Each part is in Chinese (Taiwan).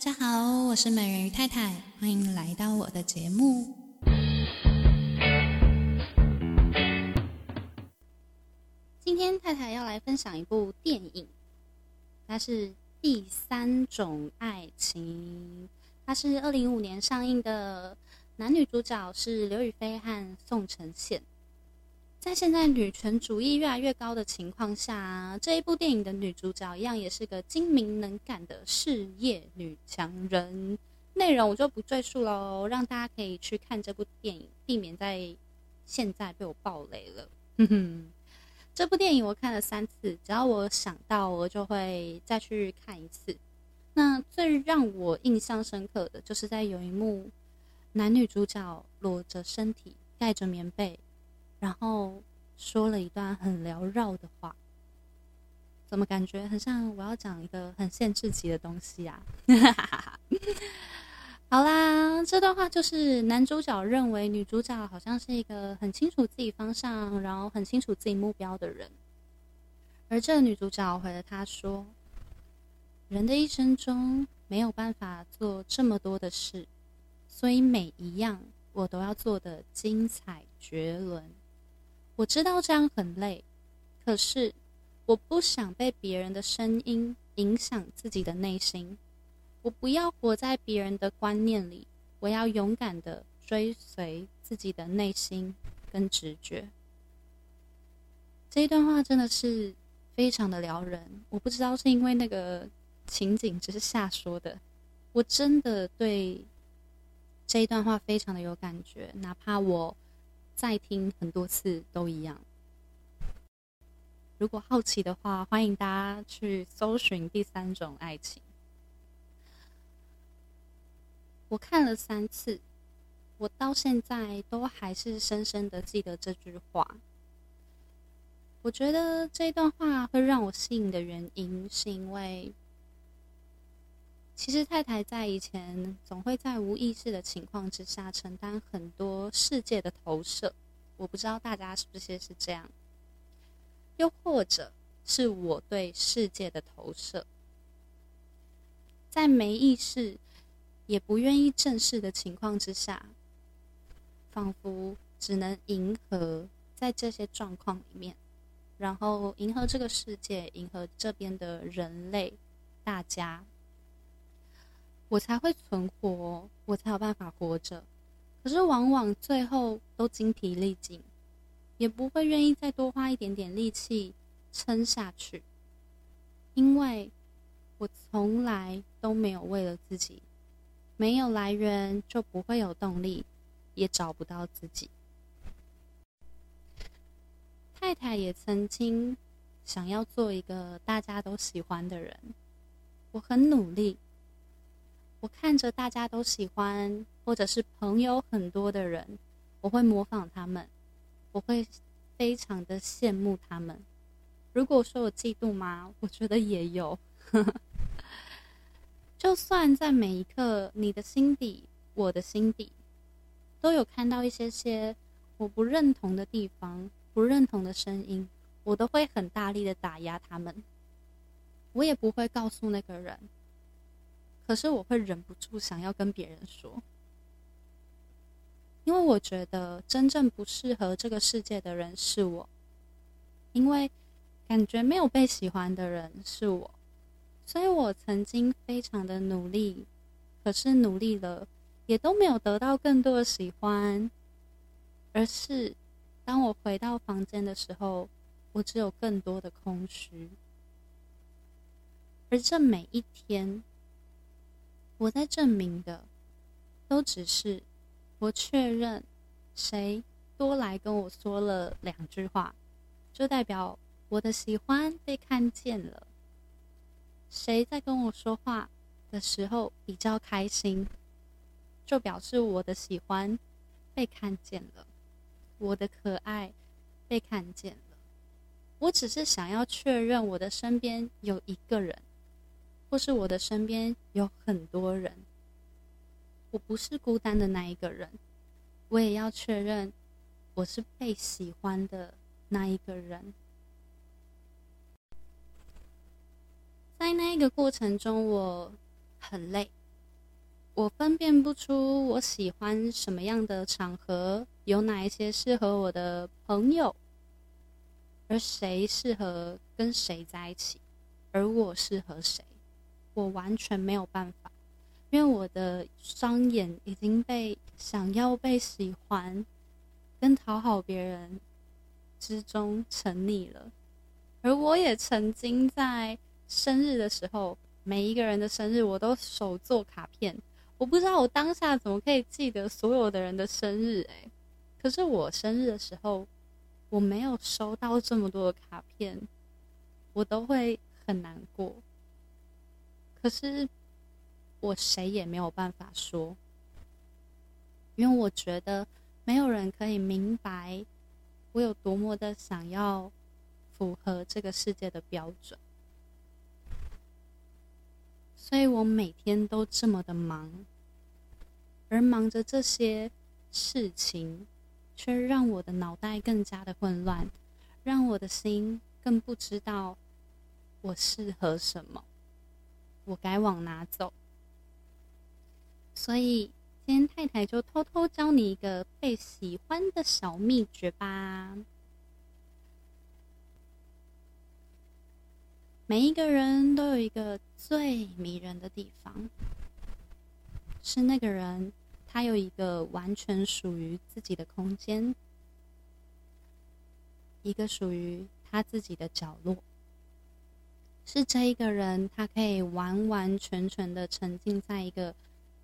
大家好，我是美人魚太太，歡迎來到我的節目。今天太太要來分享一部電影，它是第三種愛情，它是二零一五年上映的，男女主角是劉亦菲和宋承憲。在現在女權主義越來越高的情況下，這一部電影的女主角一樣也是個精明能幹的事業女強人。內容我就不贅述嘍，讓大家可以去看這部電影，避免在現在被我爆雷了。哼哼，這部電影我看了三次，只要我想到我就會再去看一次。那最讓我印象深刻的，就是在有一幕男女主角裸着身體蓋着棉被。然後說了一段很繚繞的話，怎麼感覺很像我要講一個很限制級的東西啊？ 好啦，這段話就是男主角認為女主角好像是一個很清楚自己方向，然後很清楚自己目標的人，而這個女主角回了他說：“人的一生中沒有辦法做這麼多的事，所以每一樣我都要做的精彩絕倫。”我知道這樣很累，可是我不想被別人的聲音影響自己的內心，我不要活在別人的觀念裡，我要勇敢地追隨自己的內心跟直覺。這一段話真的是非常的撩人，我不知道是因為那個情景，只是瞎說的，我真的對這一段話非常的有感覺，哪怕我。再聽很多次都一樣。如果好奇的話，歡迎大家去搜尋《第三種愛情》。我看了三次，我到現在都還是深深的記得這句話。我覺得這段話會讓我吸引的原因是因為。其實，太太在以前總會在無意識的情況之下承擔很多世界的投射。我不知道大家是不是是這樣，又或者是我對世界的投射，在沒意識、也不願意正視的情況之下，仿佛只能迎合在這些狀況裡面，然後迎合這個世界，迎合這邊的人類，大家。我才會存活，我才有辦法活着。可是往往最後都精疲力盡，也不會願意再多花一點點力氣撐下去，因為我從來都沒有為了自己。沒有來源就不會有動力，也找不到自己。太太也曾經想要做一個大家都喜歡的人，我很努力。我看着大家都喜歡，或者是朋友很多的人，我會模仿他們，我會非常的羨慕他們。如果說我嫉妒嗎？我覺得也有。 就算在每一刻，你的心底，我的心底，都有看到一些些我不認同的地方，不認同的聲音，我都會很大力的打壓他們，我也不會告訴那個人。可是我會忍不住想要跟別人說，因為我覺得真正不適合這個世界的人是我，因為感覺沒有被喜歡的人是我，所以我曾經非常的努力，可是努力了也都沒有得到更多的喜歡，而是當我回到房間的時候，我只有更多的空虛，而這每一天。我在證明的，都只是我確認，誰多來跟我說了兩句話，就代表我的喜歡被看見了。誰在跟我說話的時候比較開心，就表示我的喜歡被看見了，我的可愛被看見了。我只是想要確認，我的身邊有一個人。或是我的身邊有很多人，我不是孤單的那一個人，我也要確認我是被喜歡的那一個人。在那個過程中，我很累，我分辨不出我喜歡什麼樣的場合，有哪一些適合我的朋友，而誰適合跟誰在一起，而我適合誰。我完全沒有辦法，因為我的雙眼已經被想要被喜歡跟討好別人之中沉溺了。而我也曾經在生日的時候，每一個人的生日我都手做卡片。我不知道我當下怎麼可以記得所有的人的生日欸，可是我生日的時候我沒有收到這麼多的卡片，我都會很難過。可是，我誰也沒有辦法說，因為我覺得沒有人可以明白我有多麼的想要符合這個世界的標準，所以我每天都這麼的忙，而忙着這些事情，卻讓我的腦袋更加的混亂，讓我的心更不知道我適合什麼。我該往哪走？所以今天太太就偷偷教你一個被喜歡的小秘訣吧。每一個人都有一個最迷人的地方，是那個人他有一個完全屬於自己的空間，一個屬於他自己的角落。是這一個人，他可以完完全全的沉浸在一個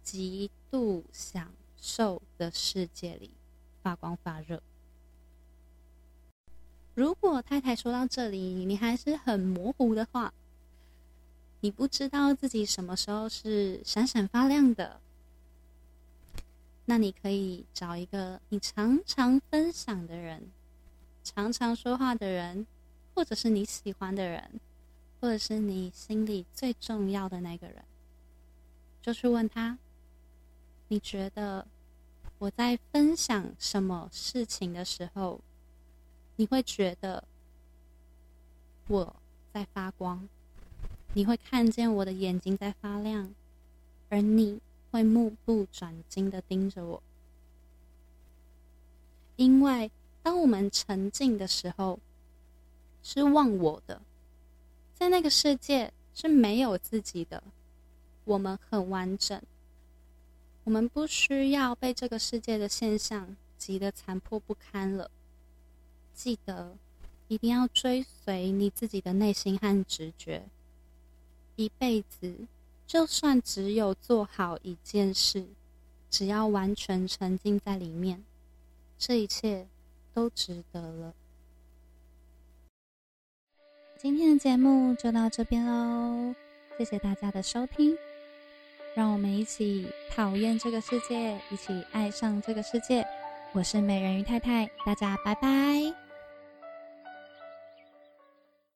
極度享受的世界裡，發光發熱。如果太太說到這裡，你還是很模糊的話，你不知道自己什麼時候是閃閃發亮的，那你可以找一個你常常分享的人，常常說話的人，或者是你喜歡的人。或者是你心裡最重要的那個人，就去、是、問他：你覺得我在分享什麼事情的時候，你會覺得我在發光？你會看見我的眼睛在發亮，而你會目不轉睛的盯着我，因為當我們沉浸的時候，是忘我的。在那個世界是沒有自己的，我們很完整，我們不需要被這個世界的現象急得殘破不堪了。記得，一定要追隨你自己的內心和直覺。一輩子，就算只有做好一件事，只要完全沉浸在裡面，這一切都值得了。今天的節目就到這邊嘍，哦，謝謝大家的收聽，讓我們一起討厭這個世界，一起愛上這個世界。我是美人魚太太，大家拜拜。